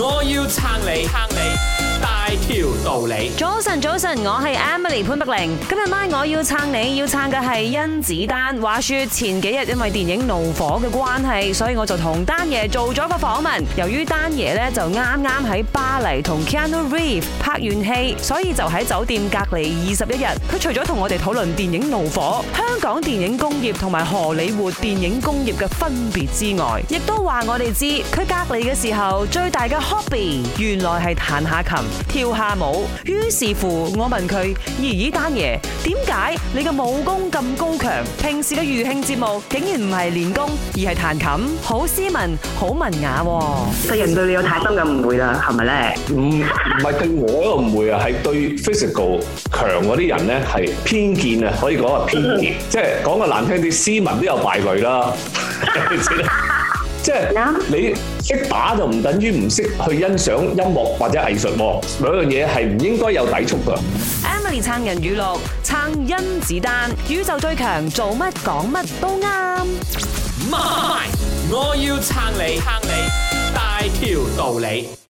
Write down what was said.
我要撐你，撐你大條道理。早晨，早晨，我係 Emily 潘碧玲。今日晚我要撐你，要撐嘅係甄子丹。話說前幾日因為電影《怒火》嘅關係，所以我就同丹爺做咗個訪問。由於丹爺呢就啱啱喺巴黎同 Keanu Reeves 拍完戲，所以就喺酒店隔離二十一日。佢除咗同我哋討論電影《怒火》、香港電影工業同埋荷里活電影工業嘅分別之外，亦都話我哋知佢隔離嘅時候最大嘅。hobby 原來係彈下琴跳下舞，於是乎我問佢姨姨丹爺，點解你嘅武功咁高強？平時嘅餘興節目竟然唔係練功，而係彈琴，好斯文，好文雅。世人對你有太深嘅誤會啦，係咪咧？唔唔係對我個誤會啊，係對 physical 強嗰啲人咧係偏見啊，可以講話偏見，即係講個難聽啲，斯文都有敗類啦。即係你識打就唔等於唔識去欣賞音樂或者藝術，兩樣嘢係唔應該有抵觸噶。Emily 撐人語錄，撐甄子丹，宇宙最強，做乜講乜都啱。媽咪，我要撐你，撐你，大條道理。